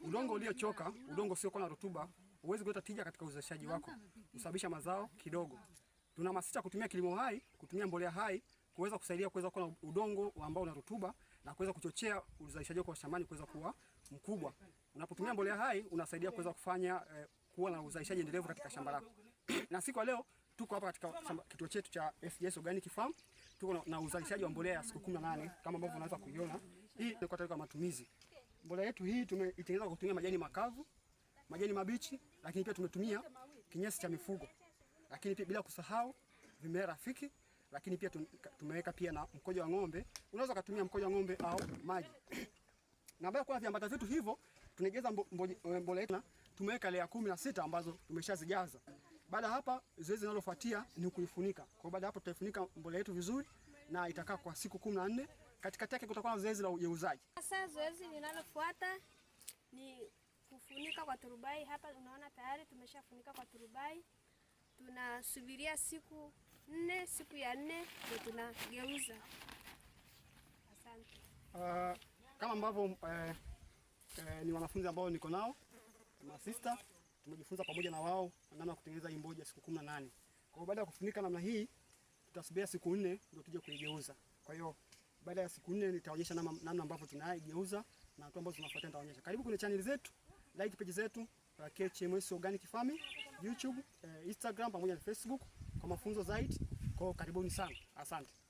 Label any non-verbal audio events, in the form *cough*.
Udongo uliochoka, udongo usiokuwa na rutuba, huwezi kuleta tija katika uzalishaji wako, kusababisha mazao kidogo. Tunahamasisha kutumia kilimo hai, kutumia mbolea hai kuweza kusaidia kuweza kuwa na udongo ambao una rutuba na kuweza kuchochea uzalishaji wako wa shambani kuweza kuwa mkubwa. Unapotumia mbolea hai unasaidia kuweza kufanya eh, kuwa na uzalishaji endelevu katika shamba lako. *clears throat* Na siku leo tuko hapa katika kituo chetu cha SJS Organic Farm. Tuko na, na uzalishaji wa mbolea ya siku 18 kama ambavyo unaweza kuiona. Hii ni kwa matumizi mbolea yetu hii tumeitengeneza kutumia majani makavu, majani mabichi, lakini pia tumetumia kinyesi cha mifugo, lakini pia bila kusahau vimea rafiki, lakini pia tumeweka pia na mkojo wa ng'ombe. Unaweza kutumia mkojo wa ng'ombe au maji. Na baada ya viambata vyetu hivyo, tunaongeza mbolea eh, yetu, tumeweka lea kumi na sita ambazo tumeshazijaza. Baada hapa, zoezi linalofuatia ni kuifunika. Kwa baada hapo, tutaifunika mbolea yetu vizuri na itakaa kwa siku 14 katikati yake kutakuwa na zoezi la ugeuzaji. Sasa zoezi linalofuata ni kufunika kwa turubai. Hapa unaona tayari tumeshafunika kwa turubai, tunasubiria siku nne. Siku ya nne ndio tunageuza. Asante. Uh, kama ambavyo eh, eh, ni wanafunzi ambao niko nao masista, tumejifunza pamoja na wao namna ya kutengeneza hii mboja siku kumi na nane. Kwa hiyo baada ya kufunika namna hii tutasubiria siku nne ndio tuje kuigeuza. Kwa hiyo baada ya siku nne nitaonyesha namna ambavyo tunaigeuza na watu ambao tunafuatia nitaonyesha. Karibu kwenye channel zetu, like page zetu ya uh, KHMS Organic Farming, YouTube, uh, Instagram pamoja na Facebook kwa mafunzo zaidi. Kwa karibuni sana. Asante.